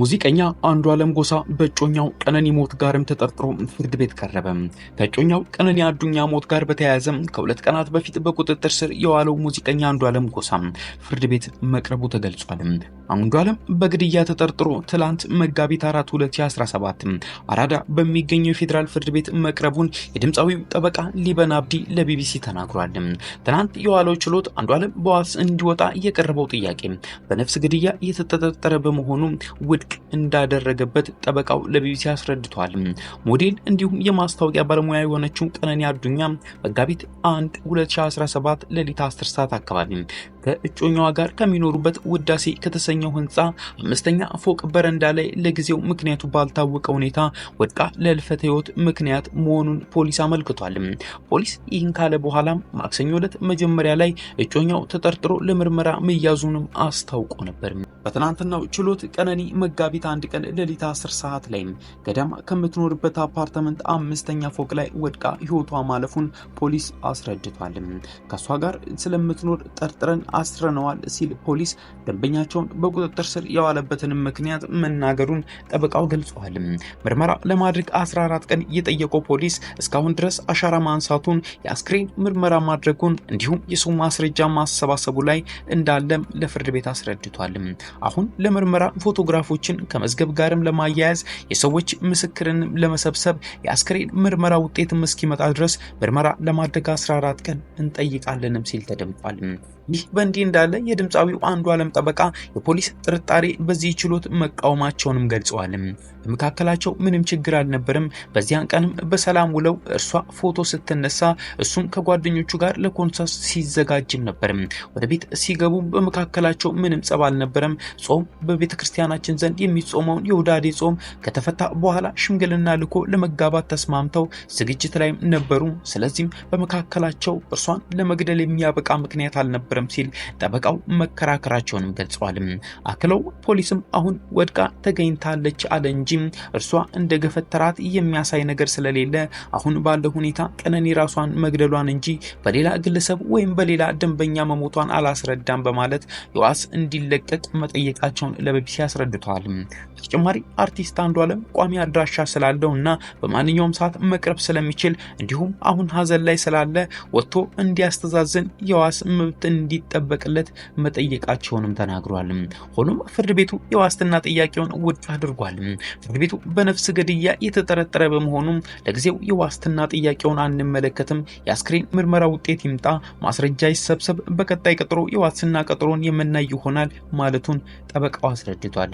ሙዚቀኛ አንዱ ዓለም ጎሳ በእጮኛው ቀነኒ ሞት ጋርም ተጠርጥሮ ፍርድ ቤት ቀረበ። ከእጮኛው ቀነኒ አዱኛ ሞት ጋር በተያያዘ ከሁለት ቀናት በፊት በቁጥጥር ስር የዋለው ሙዚቀኛ አንዱ ዓለም ጎሳ ፍርድ ቤት መቅረቡ ተገልጿል። አንዱ ዓለም በግድያ ተጠርጥሮ ትላንት መጋቢት 4 2017 አራዳ በሚገኘው የፌዴራል ፍርድ ቤት መቅረቡን የድምፃዊው ጠበቃ ሊበን አብዲ ለቢቢሲ ተናግሯል። ትናንት የዋለው ችሎት ዓለም በዋስ እንዲወጣ የቀረበው ጥያቄ በነፍስ ግድያ የተጠረጠረ በመሆኑ ውድቅ እንዳደረገበት ጠበቃው ለቢቢሲ አስረድቷል። ሞዴል እንዲሁም የማስታወቂያ ባለሙያ የሆነችው ቀነኒ አዱኛ መጋቢት 1 2017 ሌሊት 10 ሰዓት አካባቢ ከእጮኛዋ ጋር ከሚኖሩበት ውዳሴ ከተሰኘው ህንፃ አምስተኛ ፎቅ በረንዳ ላይ ለጊዜው ምክንያቱ ባልታወቀ ሁኔታ ወድቃ ለልፈት ህይወት ምክንያት መሆኑን ፖሊስ አመልክቷል። ፖሊስ ይህን ካለ በኋላም ማክሰኞ ዕለት መጀመሪያ ላይ እጮኛው ተጠርጥሮ ለምርመራ መያዙንም አስታውቆ ነበር። በትናንትናው ችሎት ቀነኒ መጋቢት አንድ ቀን ሌሊት 10 ሰዓት ላይ ገዳማ ከምትኖርበት አፓርትመንት አምስተኛ ፎቅ ላይ ወድቃ ህይወቷ ማለፉን ፖሊስ አስረድቷል። ከእሷ ጋር ስለምትኖር ጠርጥረን አስረነዋል ሲል ፖሊስ ደንበኛቸውን በቁጥጥር ስር የዋለበትን ምክንያት መናገሩን ጠበቃው ገልጿል። ምርመራ ለማድረግ 14 ቀን የጠየቀው ፖሊስ እስካሁን ድረስ አሻራ ማንሳቱን፣ የአስክሬን ምርመራ ማድረጉን እንዲሁም የሰው ማስረጃ ማሰባሰቡ ላይ እንዳለም ለፍርድ ቤት አስረድቷል። አሁን ለምርመራ ፎቶግራፎችን ከመዝገብ ጋርም ለማያያዝ የሰዎች ምስክርን ለመሰብሰብ የአስክሬን ምርመራ ውጤትም እስኪመጣ ድረስ ምርመራ ለማድረግ 14 ቀን እንጠይቃለንም ሲል ተደምጧል። ይህ በእንዲህ እንዳለ የድምፃዊው አለም ጠበቃ የፖሊስ ጥርጣሬ በዚህ ችሎት መቃወማቸውንም ገልጸዋል። በመካከላቸው ምንም ችግር አልነበርም፣ በዚያን ቀንም በሰላም ውለው እርሷ ፎቶ ስትነሳ እሱም ከጓደኞቹ ጋር ለኮንሰርት ሲዘጋጅም ነበርም። ወደ ቤት ሲገቡ በመካከላቸው ምንም ጸብ አልነበረም። ጾም በቤተ ክርስቲያናችን ዘንድ የሚጾመውን የውዳዴ ጾም ከተፈታ በኋላ ሽምግልና ልኮ ለመጋባት ተስማምተው ዝግጅት ላይም ነበሩ። ስለዚህም በመካከላቸው እርሷን ለመግደል የሚያበቃ ምክንያት አልነበረም። አልነበረም ሲል ጠበቃው መከራከራቸውንም ገልጸዋል። አክለው ፖሊስም አሁን ወድቃ ተገኝታለች አለ እንጂ እርሷ እንደ ገፈተራት የሚያሳይ ነገር ስለሌለ አሁን ባለው ሁኔታ ቀነኒ ራሷን መግደሏን እንጂ በሌላ ግለሰብ ወይም በሌላ ደንበኛ መሞቷን አላስረዳም በማለት የዋስ እንዲለቀቅ መጠየቃቸውን ለቢቢሲ አስረድተዋል። በተጨማሪ አርቲስት አንዱ አለም ቋሚ አድራሻ ስላለው እና በማንኛውም ሰዓት መቅረብ ስለሚችል እንዲሁም አሁን ሀዘን ላይ ስላለ ወጥቶ እንዲያስተዛዝን የዋስ መብት እንዲጠበቅለት መጠየቃቸውንም ተናግሯል። ሆኖም ፍርድ ቤቱ የዋስትና ጥያቄውን ውድ አድርጓል። ፍርድ ቤቱ በነፍስ ግድያ የተጠረጠረ በመሆኑ ለጊዜው የዋስትና ጥያቄውን አንመለከትም፣ የአስክሬን ምርመራ ውጤት ይምጣ፣ ማስረጃ ይሰብሰብ፣ በቀጣይ ቀጠሮ የዋስትና ቀጠሮን የምናይ ይሆናል ማለቱን ጠበቃው አስረድቷል።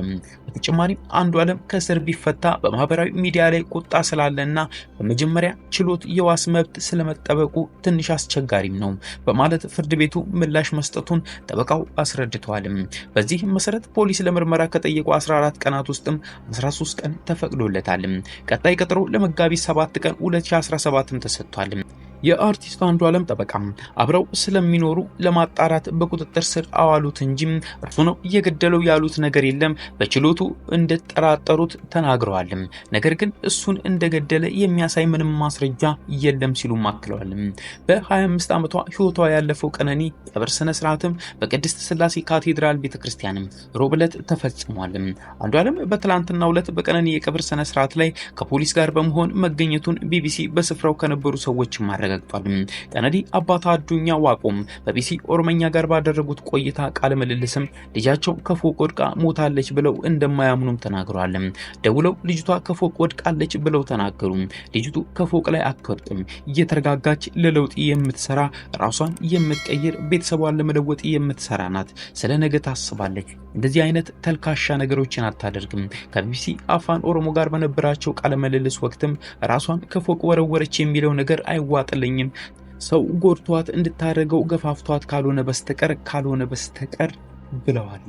በተጨማሪም አንዱ አለም ከእስር ቢፈታ በማህበራዊ ሚዲያ ላይ ቁጣ ስላለና በመጀመሪያ ችሎት የዋስ መብት ስለመጠበቁ ትንሽ አስቸጋሪም ነው በማለት ፍርድ ቤቱ ምላሽ ምላሽ መስጠቱን ጠበቃው አስረድተዋልም። በዚህም መሰረት ፖሊስ ለምርመራ ከጠየቁ 14 ቀናት ውስጥም 13 ቀን ተፈቅዶለታል። ቀጣይ ቀጠሮ ለመጋቢት 7 ቀን 2017ም ተሰጥቷል። የአርቲስት አንዱ ዓለም ጠበቃ አብረው ስለሚኖሩ ለማጣራት በቁጥጥር ስር አዋሉት እንጂ እርሱ ነው እየገደለው ያሉት ነገር የለም። በችሎቱ እንደጠራጠሩት ተናግረዋል። ነገር ግን እሱን እንደገደለ የሚያሳይ ምንም ማስረጃ የለም ሲሉ አክለዋል። በ25 ዓመቷ ህይወቷ ያለፈው ቀነኒ ቀብር ስነ ስርዓትም በቅድስት ስላሴ ካቴድራል ቤተክርስቲያን ሮብ ዕለት ተፈጽሟል። አንዱ ዓለም በትላንትናው ዕለት በቀነኒ የቀብር ስነ ስርዓት ላይ ከፖሊስ ጋር በመሆን መገኘቱን ቢቢሲ በስፍራው ከነበሩ ሰዎች ማረጋል ተረጋግጧል። ጠነዲ አባታ አዱኛ ዋቁም በቢሲ ኦሮመኛ ጋር ባደረጉት ቆይታ ቃለ ምልልስም ልጃቸው ከፎቅ ወድቃ ሞታለች ብለው እንደማያምኑም ተናግረዋል። ደውለው ልጅቷ ከፎቅ ወድቃለች ብለው ተናገሩ። ልጅቱ ከፎቅ ላይ አትወድቅም፣ እየተረጋጋች ለለውጥ የምትሰራ ራሷን የምትቀይር ቤተሰቧን ለመለወጥ የምትሰራ ናት። ስለ ነገ ታስባለች። እንደዚህ አይነት ተልካሻ ነገሮችን አታደርግም። ከቢቢሲ አፋን ኦሮሞ ጋር በነበራቸው ቃለ ምልልስ ወቅትም ራሷን ከፎቅ ወረወረች የሚለው ነገር አይዋጥልኝም። ሰው ጎድቷት እንድታደርገው ገፋፍቷት ካልሆነ በስተቀር ካልሆነ በስተቀር ብለዋል።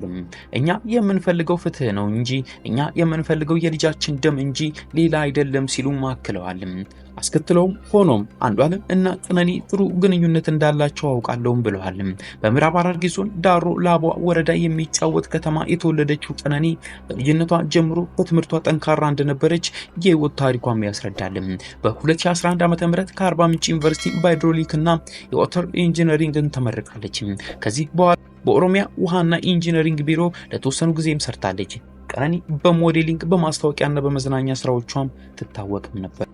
እኛ የምንፈልገው ፍትህ ነው እንጂ እኛ የምንፈልገው የልጃችን ደም እንጂ ሌላ አይደለም ሲሉ አክለዋል። አስከትለውም ሆኖም አንዷለም እና ጥነኔ ጥሩ ግንኙነት እንዳላቸው አውቃለሁም ብለዋል። በምዕራብ ሐረርጌ ዞን ዳሮ ላቧ ወረዳ የሚጫወት ከተማ የተወለደችው ጥነኔ በልጅነቷ ጀምሮ በትምህርቷ ጠንካራ እንደነበረች የህይወት ታሪኳም ያስረዳል። በ2011 ዓ.ም ከአርባ ምንጭ ዩኒቨርሲቲ በሃይድሮሊክና የዋተር ኢንጂነሪንግን ተመርቃለች። ከዚህ በኋላ በኦሮሚያ ውሃና ኢንጂነሪንግ ቢሮ ለተወሰኑ ጊዜም ሰርታለች። ቀነኒ በሞዴሊንግ በማስታወቂያና በመዝናኛ ስራዎቿም ትታወቅም ነበር።